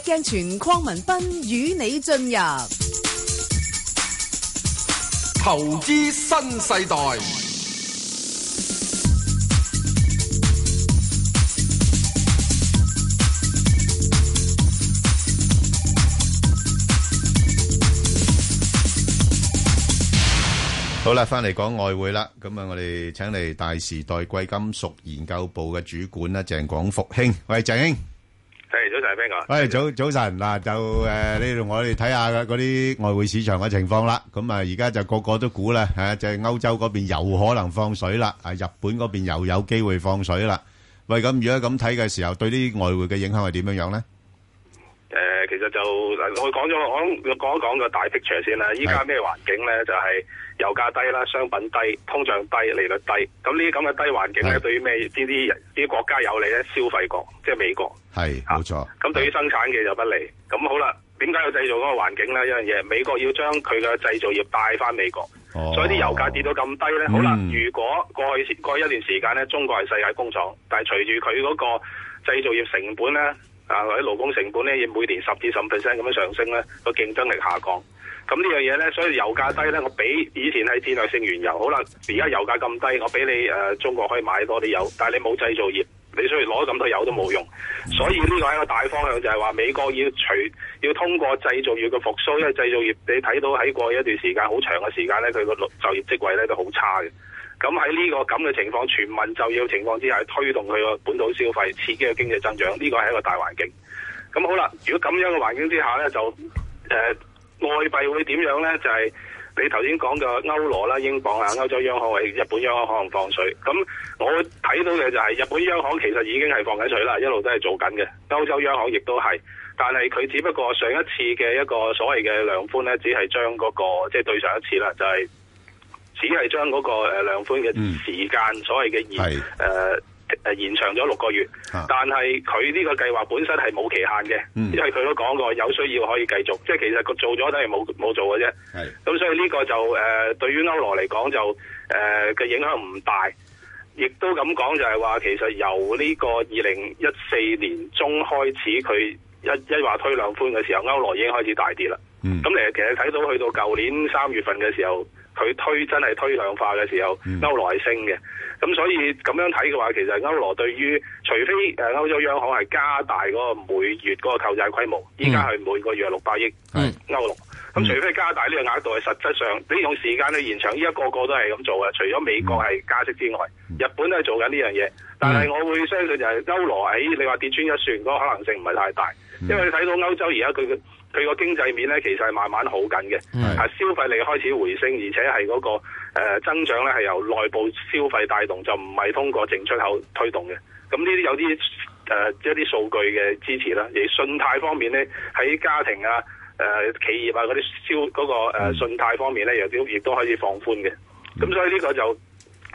鏡泉鄺文斌與你進入投資新世代。好啦，翻嚟講外匯啦。咁啊，我哋請嚟大時代貴金屬研究部嘅主管啦，鄭廣復兄，喂，鄭兄。係早，早，早晨，邊個？喂，早早晨嗱，就誒呢度我哋睇下嗰啲外匯市場嘅情況啦。咁、嗯、啊，而家就個個都估啦，啊、就係、是、歐洲嗰邊有可能放水啦，啊，日本嗰邊又有機會放水啦。喂，咁如果咁睇嘅時候，對啲外匯嘅影響係點樣樣咧？其實就我講咗講講一講個大 picture 先啦。依家咩環境咧？就係、是、油價低啦、商品低、通脹低、利率低。咁呢啲咁嘅低環境咧，是 對於咩邊啲邊啲國家有利咧？消費國，即係美國，係冇錯。咁、啊、錯對於生產嘅就不利。咁是 好啦，點解要製造嗰個環境咧？一樣嘢，美國要將佢嘅製造業帶翻美國。哦、所以啲油價跌到咁低咧，好啦。嗯、如果過去過去一段時間咧，中國係世界工廠，但係隨住佢嗰個製造業成本咧。啊，或者勞工成本咧，亦每年十至十五 percent 咁樣上升咧，個競爭力下降。咁呢樣嘢咧，所以油價低咧，我比以前係戰略性原油好啦。而家油價咁低，我比你、啊、中國可以買多啲油，但係你冇製造業，你雖然攞咁多油都冇用。所以呢個係一個大方向就係話，美國要除要通過製造業嘅復甦，因為製造業你睇到喺過去一段時間好長嘅時間咧，佢個就業職位咧都好差嘅。咁喺呢個咁嘅情況、全民就業情況之下，推動佢個本土消費，刺激個經濟增長，呢個係一個大環境。咁好啦，如果咁樣嘅環境之下呢，就誒、呃、外幣會點樣呢？就係、是、你頭先講嘅歐羅啦、英鎊啊、歐洲央行喺日本央行可能放水。咁我睇到嘅就係日本央行其實已經係放緊水啦，一路都係做緊嘅。歐洲央行亦都係，但係佢只不過上一次嘅一個所謂嘅量寬呢，只係將嗰、那個即係、就是、對上一次啦，就係、是。只係將嗰個量寬嘅時間，嗯、所謂嘅延誒誒延長咗六個月，啊、但係佢呢個計劃本身係冇期限嘅，嗯、因為佢都講過有需要可以繼續，即係其實佢做咗都係冇冇做嘅啫。咁是所以呢個就誒、呃、對於歐羅嚟講就誒嘅、呃、影響唔大，亦都咁講就係話其實由呢個二零一四年中開始佢，佢一一話推量寬嘅時候，歐羅已經開始大跌啦。咁你、嗯、其實睇到去到舊年三月份嘅時候。佢推真係推量化嘅時候，嗯、歐羅係升嘅，咁所以咁樣睇嘅話，其實歐羅對於，除非誒歐洲央行係加大嗰個每月嗰個購債規模，依家係每個月六百億歐羅。咁是除非加大呢個額度實，係實際上利用時間去延長，依家個個都係咁做嘅，除咗美國係加息之外，嗯、日本都係做緊呢樣嘢，嗯、但係我會相信就係歐羅喺你話跌穿一算嗰、那個、可能性唔係太大，嗯、因為你睇到歐洲而家佢嘅。佢個經濟面咧，其實係慢慢好緊嘅，啊的消費力開始回升，而且係嗰個增長咧係由內部消費帶動，就唔係通過淨出口推動嘅。咁呢啲有啲即一啲數據嘅支持啦，而信貸方面咧喺家庭啊、誒、呃、企業啊嗰啲消嗰、嗰個、啊、信貸方面咧，又亦都可以放寬嘅。咁所以呢個就。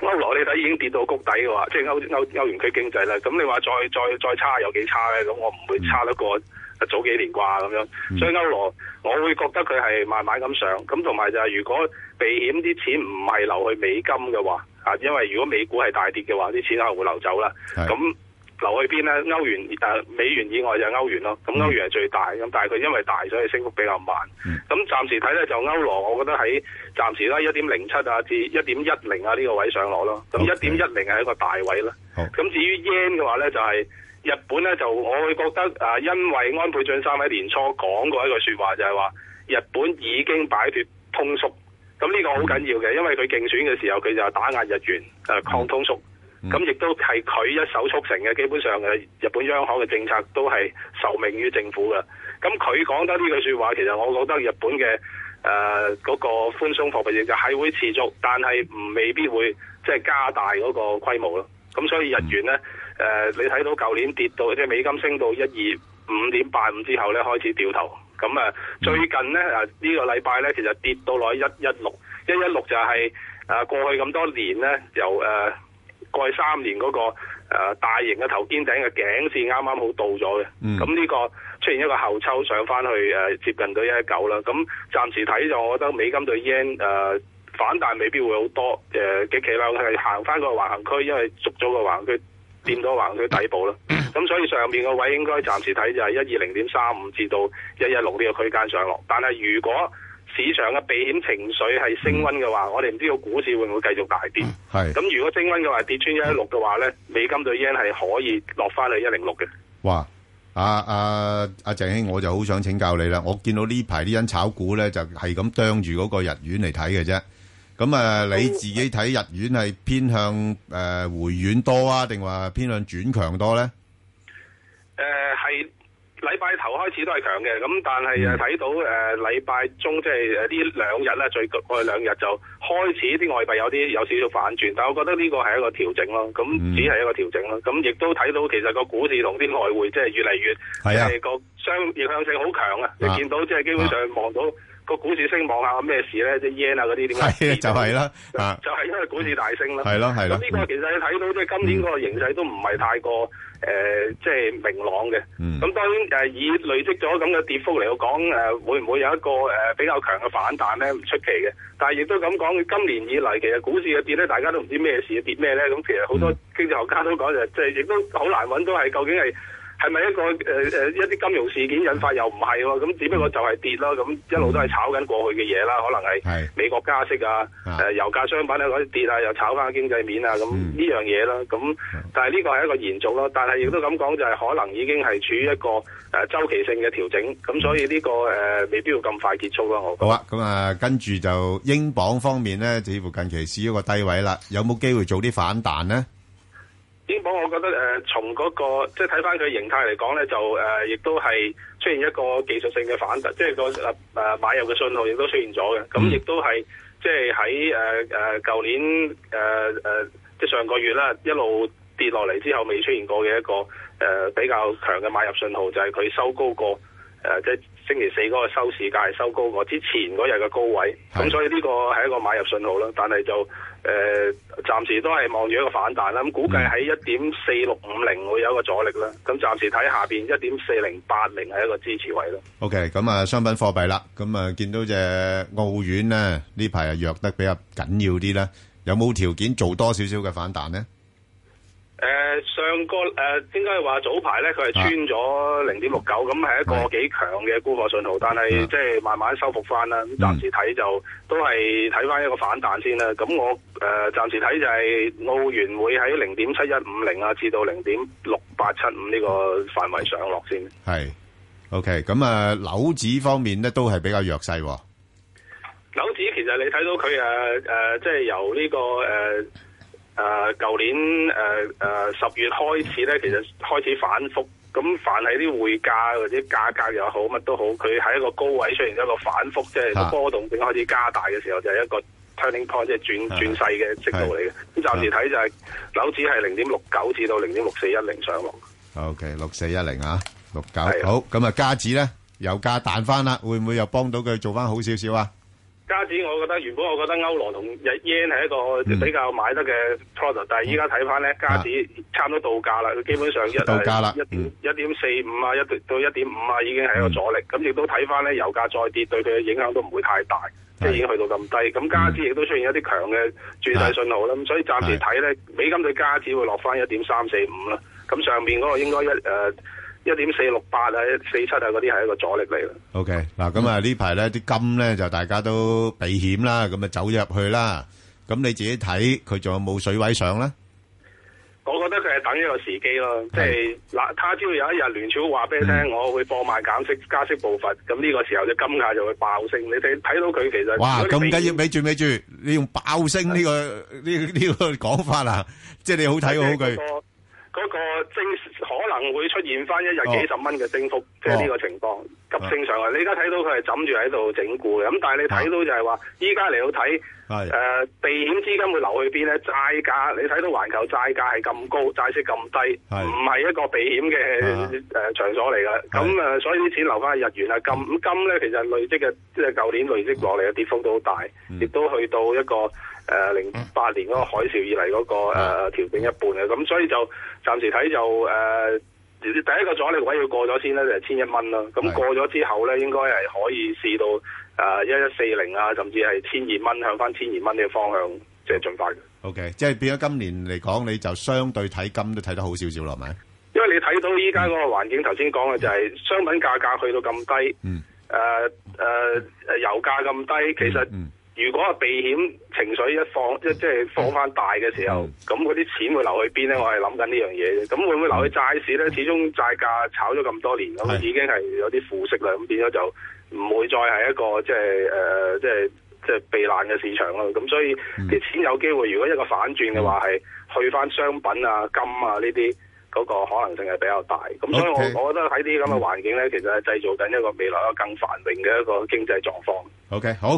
歐羅你睇已經跌到谷底嘅話，即係歐歐歐元區經濟咧，咁你話再再再差有幾差咧？咁我唔會差得過早幾年啩咁樣。嗯、所以歐羅我會覺得佢係慢慢咁上，咁同埋就係如果避險啲錢唔係流去美金嘅話，啊，因為如果美股係大跌嘅話，啲錢可能會流走啦。咁是的 留去邊咧？歐元、啊、美元以外就歐元咯，咁歐元係最大，咁但係佢因為大，所以升幅比較慢。咁、嗯、暫時睇咧就歐羅，我覺得喺暫時啦一點零七啊至一點一零啊呢個位上落咯。咁一點一零係一個大位啦。咁好至於 yen 嘅話咧，就係、是、日本咧就我會覺得誒、啊，因為安倍晉三喺年初講過一個說話，就係話日本已經擺脫通縮。咁呢個好緊要嘅，因為佢競選嘅時候佢就打壓日元，抗通縮。嗯咁亦都係佢一手促成嘅，基本上日本央行嘅政策都係受命於政府嘅。咁佢講得呢句說話，其實我覺得日本嘅誒嗰個寬鬆貨幣政策係會持續，但係唔未必會即係、就是、加大嗰個規模咯。咁所以日元咧誒、呃，你睇到舊年跌到即係美金升到一二五點八五之後咧開始掉頭，咁啊最近咧呢、呃呢個禮拜咧其實跌到落一一六，一一六就係過去咁多年咧由誒。呃過去三年嗰、那個誒、呃、大型嘅頭肩頂嘅頸線啱啱好到咗嘅，咁呢、嗯、個出現一個後抽上返去、呃、接近到一一九啦。咁、嗯、暫時睇就，我覺得美金對 yen、呃、反彈未必會好多誒幾企立，係、呃、行返個橫行區，因為縮咗個橫行區掂咗橫行區底部啦。咁、嗯、所以上面位該暫個位應該暫時睇就係120.35至到116呢個區間上落。但係如果市場嘅避險情緒係升溫嘅話，我哋唔知道股市會唔會繼續大跌。係咁、啊，如果升溫嘅話，跌穿一一六嘅話咧，美金對 yen 係可以落翻去一零六嘅。哇！阿阿阿鄭兄，我就好想請教你啦。我見到呢排啲人炒股咧，就係咁啄住嗰個日元嚟睇嘅啫。咁啊，嗯、你自己睇日元係偏向誒、呃、回軟多啊，定話偏向轉強多咧？誒係、呃。禮拜頭開始都係強嘅，咁但係睇到誒禮拜中即係誒呢兩日咧，最過兩日就開始啲外幣有啲有少少反轉，但係我覺得呢個係一個調整咯，咁只係一個調整咯，咁亦都睇到其實個股市同啲外匯即係越嚟越係個相逆向性好強啊！強啊你見到即係基本上望到、啊、個股市升望、啊，望下咩事咧，即係 yen 啊嗰啲點解？就係、是、啦，啊、就係因為股市大升啦，係咯係咯。呢個其實你睇到即係、嗯、今年個個形勢都唔係太過。誒，即係、呃就是、明朗嘅。咁、嗯、當然以累積咗咁嘅跌幅嚟講、啊，會唔會有一個誒、呃、比較強嘅反彈咧？唔出奇嘅。但係亦都咁講，今年以嚟其實股市嘅跌咧，大家都唔知咩事跌咩咧。咁、嗯、其實好多經濟學家都講就即係亦都好難揾到係究竟係。係咪一個誒誒、呃、一啲金融事件引發又唔係喎？咁只不過就係跌咯，咁一路都係炒緊過去嘅嘢啦。可能係美國加息啊，的呃、油價商品啊嗰啲跌啊，又炒翻經濟面啊，咁呢樣嘢啦。咁、嗯、但係呢個係一個延續咯。但係亦都咁講，就係可能已經係處於一個、呃、周期性嘅調整。咁所以呢、這個誒、呃、未必要咁快結束啦。好。好啊，咁啊跟住就英鎊方面咧，似乎近期處於個低位啦，有冇機會做啲反彈咧？點講？英鎊我覺得誒、呃，從嗰、那個即係睇返佢形態嚟講咧，就誒亦、呃、都係出現一個技術性嘅反彈，即係、那個誒、呃、買入嘅信號亦都出現咗嘅。咁亦都係即係喺誒誒舊年誒誒、呃、即係上個月啦，一路跌落嚟之後未出現過嘅一個誒、呃、比較強嘅買入信號，就係、是、佢收高過誒、呃、即。星期四嗰個收市價係收高過之前嗰日嘅高位，咁的所以呢個係一個買入信號啦。但係就誒、暫、呃、時都係望住一個反彈啦。咁估計喺一點四六五零會有一個阻力啦。咁暫、嗯、時睇下邊一點四零八零係一個支持位啦。OK，咁啊，okay, 商品貨幣啦，咁啊，見到隻澳元呢，呢排弱得比較緊要啲啦，有冇條件做多少少嘅反彈呢？誒、呃，上個誒，應該話早排咧，佢係穿咗零點六九，咁係一個幾強嘅沽貨信號，啊、但係即係慢慢修復翻啦。暫時睇就、嗯、都係睇翻一個反彈先啦。咁我誒，暫、呃、時睇就係、是、澳元會喺零點七一五零啊，至到零點六八七五呢個範圍上落先。係，OK。咁、呃、啊，樓指方面咧，都係比較弱勢、哦。樓指其實你睇到佢誒誒，即係由呢、這個誒。呃誒，舊、呃、年誒誒、呃呃、十月開始咧，其實開始反覆，咁凡係啲匯價或者價格又好，乜都好，佢喺一個高位出現一個反覆，即係波動性開始加大嘅時候，就係、是、一個 turning point，即係轉轉勢嘅息度嚟嘅。咁暫時睇就係樓指係零點六九至到零點六四一零上落。O K. 六四一零啊，六九好，咁啊加子咧油價彈翻啦，會唔會又幫到佢做翻好少少啊？加紙，加我覺得原本我覺得歐羅同日 yen 係一個比較買得嘅 product、嗯、但係依家睇翻咧，加紙差唔多到價啦，佢、啊、基本上一一點一點四五啊，一到一點五啊，已經係一個阻力。咁亦都睇翻咧，油價再跌對佢嘅影響都唔會太大，嗯、即係已經去到咁低。咁加紙亦都出現一啲強嘅轉勢信號啦，咁、嗯、所以暫時睇咧，的美金對加紙會落翻一點三四五啦。咁上面嗰個應該一、呃一點四六八啊，四七啊，嗰啲係一個阻力嚟咯。O K，嗱咁啊，啊呢排咧啲金咧就大家都避險啦，咁啊走入去啦。咁你自己睇佢仲有冇水位上咧？我覺得佢係等一個時機咯，即係嗱，他朝有一日聯儲話俾你聽，我會放慢減息、嗯、加息部分。咁呢個時候就金價就會爆升。你睇睇到佢其實哇，咁緊要，咪住咪住，你用爆升呢、這個呢呢是個講法啦、啊、即係你好睇好佢。嗰個正可能會出現翻一日幾十蚊嘅升幅，哦、即係呢個情況、哦、急升上、啊、你而家睇到佢係枕住喺度整固嘅，咁但係你睇到就係話，依家嚟到睇，誒、呃、避險資金會流去邊咧？債價你睇到環球債價係咁高，債息咁低，唔係是一個避險嘅誒、啊呃、場所嚟噶。咁是所以啲錢流翻去日元啊，咁，咁金咧其實累積嘅即係舊年累積落嚟嘅跌幅都好大，亦都、嗯、去到一個。誒，零八、呃、年嗰個海嘯以嚟嗰、那個誒調整一半嘅，咁所以就暫時睇就誒、呃，第一個阻力位要過咗先咧，就係千一蚊啦。咁過咗之後咧，應該係可以試到誒一一四零啊，甚至係千二蚊向翻千二蚊呢個方向即係進發嘅。O K，即係變咗今年嚟講，你就相對睇金都睇得好少少啦係咪？因為你睇到依家嗰個環境，頭先講嘅就係商品價格去到咁低，嗯，誒誒誒，油價咁低，其實。嗯嗯如果係避險情緒一放一即係放翻大嘅時候，咁嗰啲錢會流去邊咧？我係諗緊呢樣嘢，咁會唔會流去債市咧？始終債價炒咗咁多年，咁是已經係有啲腐蝕啦，咁變咗就唔會再係一個、呃、即係誒即係即係避難嘅市場咯。咁所以啲、嗯、錢有機會，如果一個反轉嘅話，係、嗯、去翻商品啊金啊呢啲嗰個可能性係比較大。咁 Okay 所以我我覺得喺啲咁嘅環境咧，嗯、其實係製造緊一個未來一個更繁榮嘅一個經濟狀況。OK，好。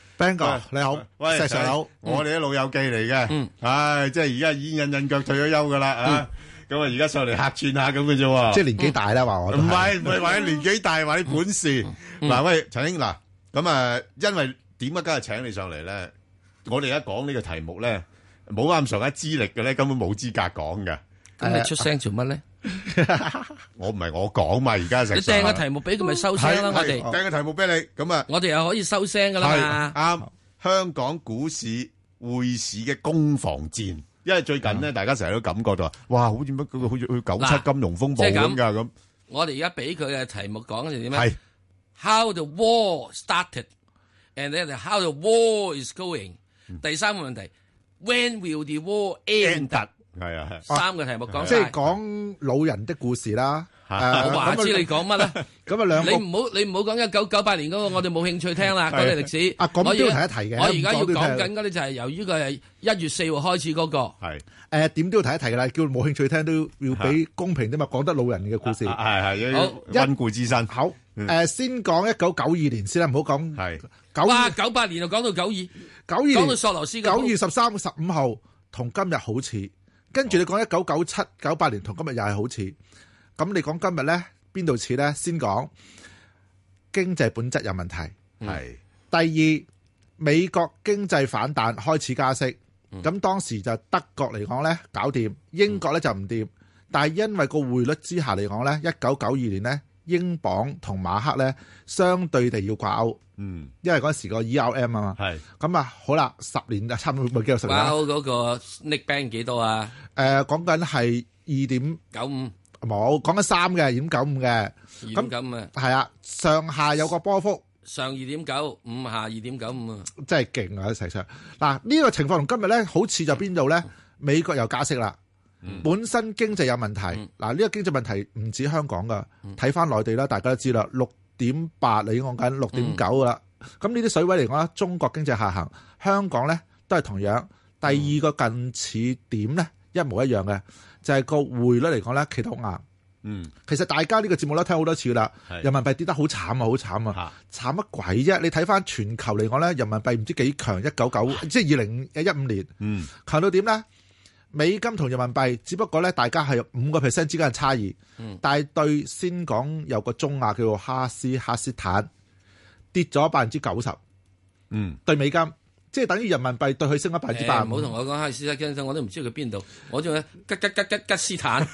Ben 哥，你好，喂，陳 Sir，我哋啲老友記嚟嘅，唉，即係而家已經印印腳退咗休噶啦，啊，咁啊，而家上嚟客串下咁嘅啫，即係年紀大啦，話我都唔係唔係話你年紀大，話你本事嗱，喂，陳英嗱，咁啊，因為點解，今日請你上嚟咧，我哋而家講呢個題目咧，冇啱上一資歷嘅咧，根本冇資格講嘅，咁你出聲做乜咧？我唔係我講嘛，而家成你掟個題目俾佢咪收聲啦，我哋掟個題目俾你咁啊，我哋又可以收聲噶啦嘛。啱，香港股市匯市嘅攻防戰，因為最近咧，大家成日都感覺到，哇，好似乜，好似去九七金融風暴咁噶咁。我哋而家俾佢嘅題目講就點樣？係 How the war started and then how the war is going。第三個問題，When will the war end？係啊，三個題目講，即係講老人的故事啦。我話唔知你講乜咧？咁啊，兩你唔好你唔好講一九九八年嗰個，我哋冇興趣聽啦。講歷史啊，點都要提一提嘅。我而家要講緊嗰啲就係由於佢係一月四號開始嗰個。係誒，點都要提一提噶啦，叫冇興趣聽都要要俾公平啲嘛。講得老人嘅故事，係係好溫故知新。好誒，先講一九九二年先啦，唔好講九八九八年就講到九二九二，講到索羅斯九月十三十五號同今日好似。跟住你講一九九七、九八年同今日又係好似，咁你講今日呢邊度似呢？先講經濟本質有問題，嗯、係，第二美國經濟反彈開始加息，咁當時就德國嚟講呢，搞掂，英國呢就唔掂，但係因為個匯率之下嚟講呢，一九九二年呢。英鎊同馬克咧，相對地要掛鉤，嗯，因為嗰時個 ERM 啊嘛，係咁啊，好啦，十年就差唔多冇幾、那個、多十年。掛鉤嗰個 nick band 幾多啊？誒、呃，講緊係二點九五，冇講緊三嘅二點九五嘅，咁咁啊，係啊，上下有個波幅，2 上二點九五，下二點九五啊，真係勁啊！一齊上嗱，呢、這個情況同今日咧，好似就邊度咧？美國又加息啦。嗯、本身經濟有問題，嗱呢、嗯、個經濟問題唔止香港噶，睇翻內地啦，大家都知啦，六點八你已經講緊六點九噶啦，咁呢啲水位嚟講咧，中國經濟下行，香港咧都係同樣。第二個近似點咧，一模一樣嘅，就係個匯率嚟講咧，企到好硬。嗯，其實大家呢個節目咧睇好多次啦，人民幣跌得好慘啊，好慘啊，慘乜鬼啫？你睇翻全球嚟講咧，人民幣唔知幾強，一九九即係二零一五年，強、嗯、到點咧？美金同人民幣，只不過咧，大家係有五個 percent 之間嘅差異。嗯、但係對先講有個中亞叫做哈斯哈斯坦，跌咗百分之九十。嗯，對美金，即係等於人民幣對佢升咗百分之八。唔好同我講哈斯哈斯坦，我都唔知佢邊度。我仲要吉，吉吉吉吉吉斯坦，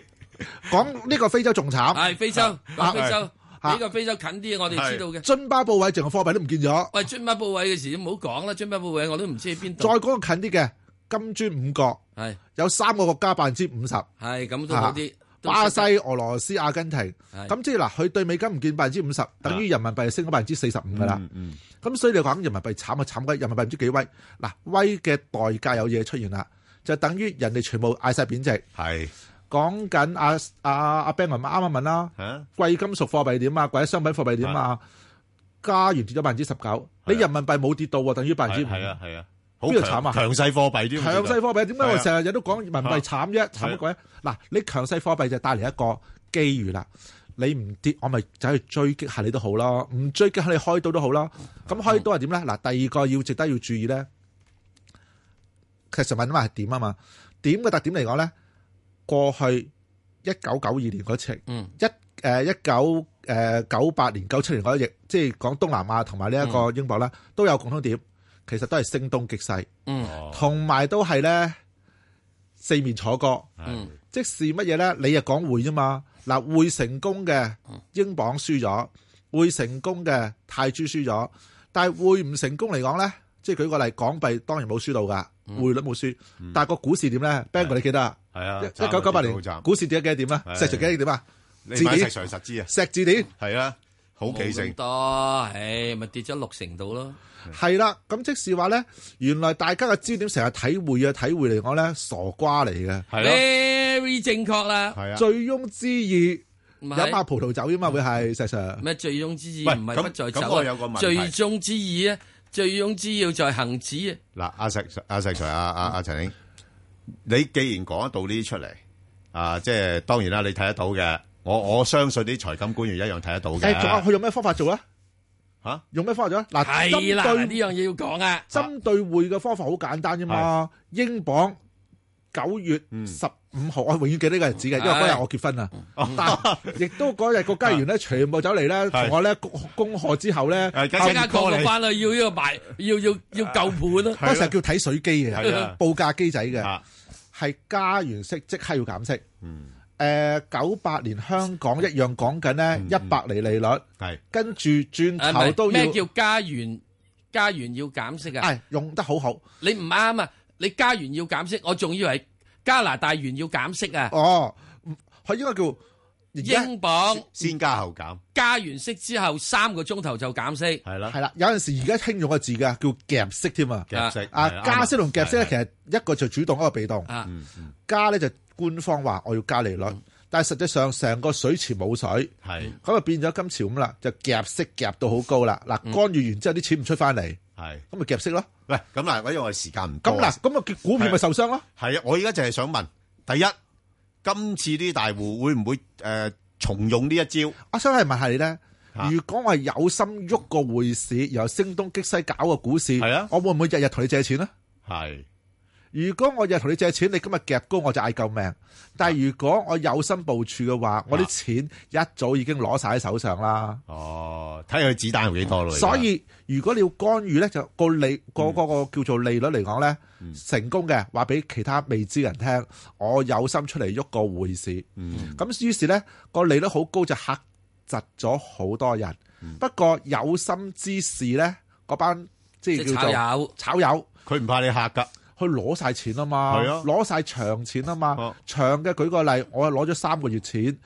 講呢個非洲仲慘。係、哎、非洲，講非洲呢、啊、個非洲近啲，啊、我哋知道嘅、啊啊、津巴布韋淨係貨幣都唔見咗。喂，津巴布韋嘅事唔好講啦，津巴布韋我都唔知佢邊度。再講個近啲嘅金磚五國。係是有三個國家百分之五十，係咁都好啲。巴西、俄羅斯、阿根廷，咁是即係嗱，佢對美金唔見百分之五十，等於人民幣升咗百分之四十五噶啦。咁、啊、所以你講人民幣慘就慘鬼，人民幣唔知幾威。嗱，威嘅代價有嘢出現啦，就等於人哋全部外債貶值。係講緊阿阿阿 Ben 文啱啱問啦，貴金屬貨幣點啊？貴、啊、啲、啊啊啊、商品貨幣點啊？啊，加元跌咗百分之十九，啊、你人民幣冇跌到於啊？等於百分之五。係啊，係啊。邊度慘啊？強勢貨幣啲，強勢貨幣點解我成日日都講人民幣慘啫？慘乜鬼咧？嗱，你強勢貨幣就帶嚟一個機遇啦。你唔跌，我咪走去追擊下你都好咯。唔追擊下你開刀都好咯。咁開刀係點咧？嗱，第二個要值得要注意咧，其實問啊嘛，點啊嘛？點嘅特點嚟講咧，過去一九九二年嗰次，一誒一九誒九八年九七年嗰次，即係講東南亞同埋呢一個英鎊啦，都有共通點。其實都係聲東擊西，嗯，同埋都係咧四面楚歌，嗯，即是乜嘢咧？你又講匯啫嘛？嗱，匯成功嘅英鎊輸咗，匯成功嘅泰銖輸咗，但係匯唔成功嚟講咧，即係舉個例，港幣當然冇輸到噶，匯率冇輸，但係個股市點咧？Banker，你記得啊？係啊，一九九八年股市幾多點啊？點啊？石常幾多點啊？點啊？字典石常實字啊？石字典係啊。好幾成多，唉、欸，咪跌咗六成度咯。係啦，咁即是話咧，原來大家嘅焦點成日體會啊，體會嚟講咧，傻瓜嚟嘅，係啦的 very 正確啦。係啊的，醉翁之意有包葡萄酒啊嘛，會係石 Sir 咩？醉翁之意唔係乜在酒啊？醉翁之意咧，醉翁之要在恒指。嗱、啊，阿石阿石阿阿阿陳兄，你既然講到呢啲出嚟啊，即係當然啦，你睇得到嘅。我我相信啲財金官員一樣睇得到嘅。仲有佢用咩方法做咧？嚇，用咩方法做咧？嗱，對對呢樣嘢要講啊。針對匯嘅方法好簡單啫嘛。英鎊九月十五號，我永遠記得呢個日子嘅，因為嗰日我結婚啊。但亦都嗰日個家員咧，全部走嚟咧，同我咧恭賀之後咧，即刻降落翻啦，要個賣，要要要救盤啦。嗰時叫睇水機嘅，報價機仔嘅，係加完息即刻要減息。嗯。誒，九八、呃、年香港一樣講緊咧，一百厘利率係，跟住轉頭都要咩叫加元？加元要減息啊！係、哎、用得好好，你唔啱啊！你加完要減息，我仲以為加拿大元要減息啊！哦，佢應該叫英鎊先加後減，加完息之後三個鐘頭就減息，係啦了，係啦。有陣時而家聽咗個字噶，叫夾息添息啊！夾息啊！了加息同夾息咧，其實的一個就主動，一個被動。嗯、啊、加咧就。官方話我要加利率，但係實際上成個水池冇水，係咁啊變咗今朝咁啦，就夾息夾到好高啦。嗱，干預完之後啲錢唔出翻嚟，係咁咪夾息咯。喂，咁嗱，我因為時間唔多，咁嗱，咁啊股票咪受傷咯。係啊，我依家就係想問，第一今次啲大戶會唔會誒重用呢一招？我想係問係咧，如果我係有心喐個匯市，聲東擊西搞個股市，係啊，我會唔會日日同你借錢咧？係。如果我日同你借錢，你今日夾高我就嗌救命。但如果我有心部署嘅話，我啲錢一早已經攞晒喺手上啦。哦，睇下佢子彈有幾多喇。嗯、所以如果你要干預呢，就個利個嗰、嗯、個叫做利率嚟講呢，嗯、成功嘅話俾其他未知人聽，我有心出嚟喐個會事。咁、嗯、於是呢個利率好高，就嚇窒咗好多人。嗯、不過有心之士呢，嗰班即係叫做炒友，炒友佢唔怕你嚇㗎。去攞晒錢啊嘛，攞晒、啊、長錢啊嘛，啊長嘅舉個例，我係攞咗三個月錢，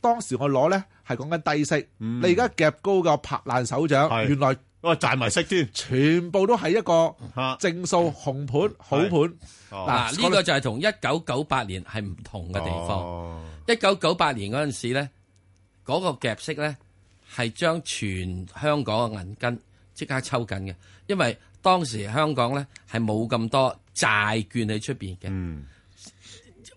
當時我攞咧係講緊低息，嗯、你而家夾高嘅拍爛手掌，是原來喂、哎、賺埋息添，全部都係一個正數紅盤好盤，嗱呢個就係同一九九八年係唔同嘅地方。一九九八年嗰陣時咧，嗰、嗰個夾息咧係將全香港嘅銀根即刻抽緊嘅，因為當時香港咧係冇咁多債券喺出面嘅，嗯、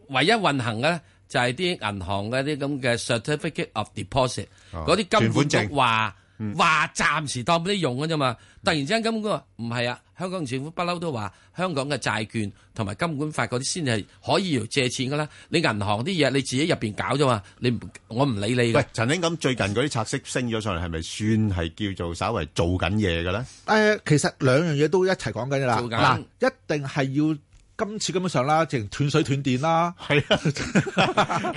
唯一運行嘅咧就係啲銀行嘅啲咁嘅 certificate of deposit 嗰啲，根本就話話暫時當俾你用㗎啫嘛。嗯、突然之間根本話唔係啊。香港政府不嬲都話，香港嘅債券同埋金管局嗰啲先係可以借錢㗎啦。你銀行啲嘢你自己入邊搞啫嘛，你我唔理你嘅。喂，陳生咁最近嗰啲拆息升咗上嚟，係咪算係叫做稍為做緊嘢嘅咧？誒，其實兩樣嘢都一齊講緊㗎啦，嗱，一定係要。今次根本上啦，直情，斷水斷電啦，係啊，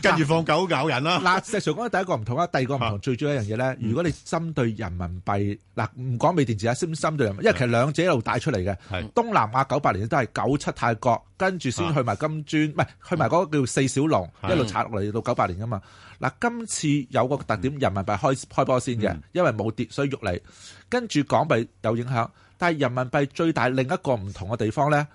跟住放狗咬人啦。嗱，石上講嘅第一個唔同啦，第二個唔同，最主要一樣嘢咧。如果你針對人民幣嗱，唔講美電字啊，先針對人民幣，因為其實兩者一路帶出嚟嘅。東南亞九八年都係九七泰國，跟住先去埋金磚，唔係去埋嗰個叫四小龍一路拆落嚟到九八年噶嘛。嗱，今次有個特點，人民幣開開波先嘅，因為冇跌，所以欲嚟跟住港幣有影響，但係人民幣最大另一個唔同嘅地方咧。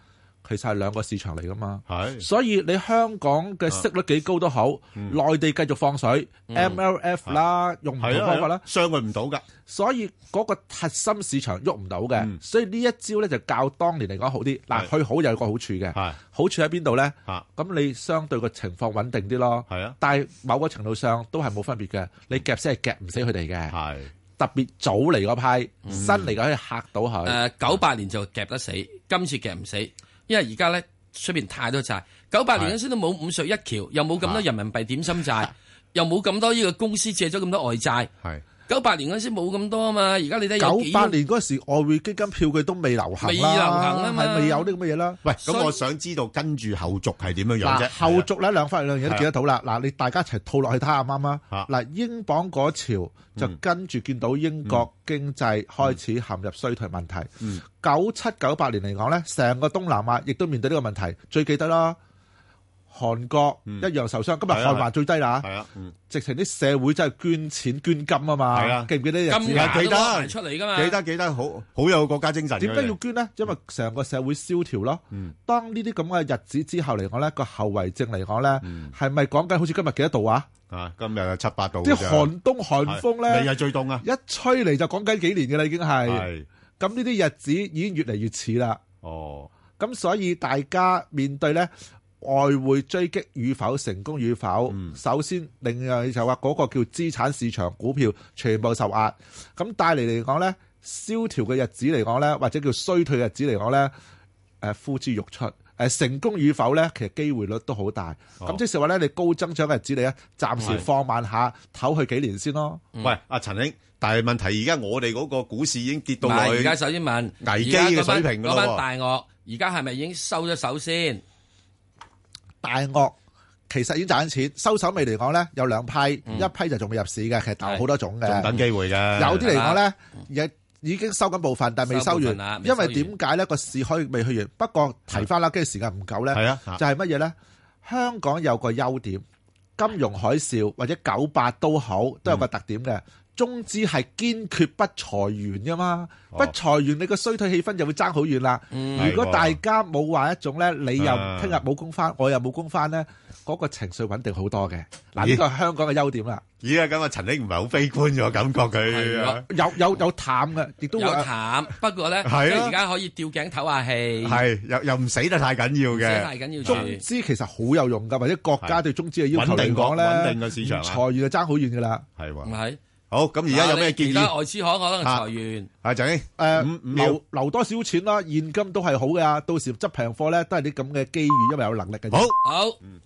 其實係兩個市場嚟噶嘛，所以你香港嘅息率幾高都好，內地繼續放水，MLF 啦，用唔到方法啦，上佢唔到㗎。所以嗰個核心市場喐唔到嘅，所以呢一招咧就較當年嚟講好啲嗱。佢好有個好處嘅，好處喺邊度咧？咁你相對個情況穩定啲咯。係啊，但係某個程度上都係冇分別嘅。你夾先係夾唔死佢哋嘅，特別早嚟嗰派新嚟嘅可以嚇到佢。誒，九八年就夾得死，今次夾唔死。因為而家咧，出邊太多債。九八年嗰時都冇五十一橋，是的 又冇咁多人民幣點心債，是的 又冇咁多呢個公司借咗咁多外債。九八年嗰時冇咁多嘛，而家你都九八年嗰時外匯基金票據都未流行啦，未流行啊，係未有呢咁嘅嘢啦。喂，咁以我想知道跟住後續係點樣樣啫？後續咧兩塊兩樣嘢都記得到的啦。嗱，你大家一齊套落去睇下，啱啱的？嗱，英鎊嗰朝就跟住見到英國經濟開始陷入衰退問題。嗯嗯嗯、九七九八年嚟講咧，成個東南亞亦都面對呢個問題，最記得啦。韓國一樣受傷，今日韓圜最低啦，直情啲社會真係捐錢捐金啊嘛，記唔記得日子？記得記得，好好有國家精神。點解要捐咧？因為成個社會蕭條咯。當呢啲咁嘅日子之後嚟講咧，個後遺症嚟講咧，係咪講緊好似今日幾多度啊？啊，今日有七八度。即係寒冬寒風咧，你係最凍啊！一吹嚟就講緊幾年嘅啦，已經係。咁呢啲日子已經越嚟越似啦。哦，咁所以大家面對咧。外匯追擊與否成功與否，嗯、首先另外就話嗰個叫資產市場股票全部受壓，咁帶嚟嚟講咧，蕭條嘅日子嚟講咧，或者叫衰退日子嚟講咧，誒呼之欲出。誒成功與否咧，其實機會率都好大。咁即、哦、係話咧，你高增長嘅日子嚟啊，暫時放慢下，唞去的幾年先咯。喂，阿陳兄，但係問題而家我哋嗰個股市已經跌到，而家首先問危機嘅水平咯。班大鱷，而家係咪已經收咗手先？大鱷其實已經賺緊錢，收手未嚟講呢，有兩批，一批就仲未入市嘅，其實有好多種嘅，仲等機會嘅。有啲嚟講呢，嗯、亦已經收緊部分，但係未收完，收收完因為點解呢？個市可以未去完，不過提翻啦，跟住時間唔夠呢，就係乜嘢呢？香港有個優點，金融海嘯或者九八都好，都有個特點嘅。中資係堅決不裁員噶嘛，不裁員你個衰退氣氛就會爭好遠啦。如果大家冇話一種咧，你又聽日冇工返，我又冇工返咧，嗰個情緒穩定好多嘅。嗱，呢個係香港嘅優點啦。咦？啊，咁個陳英唔係好悲觀嘅，我感覺佢有有有淡嘅，亦都話淡。不過咧，而家可以吊頸唞下氣，係又又唔死得太緊要嘅。唔死太緊要，中資其實好有用㗎，或者國家對中資嘅要求嚟講咧，唔裁員就爭好遠㗎啦。係喎，唔係。好，咁而家有咩建議？其他外資行可能裁員。阿鄭英，誒、呃、留留多少錢啦？現金都係好嘅，到時執平貨咧都係啲咁嘅機遇，因為有能力嘅。好，好，嗯。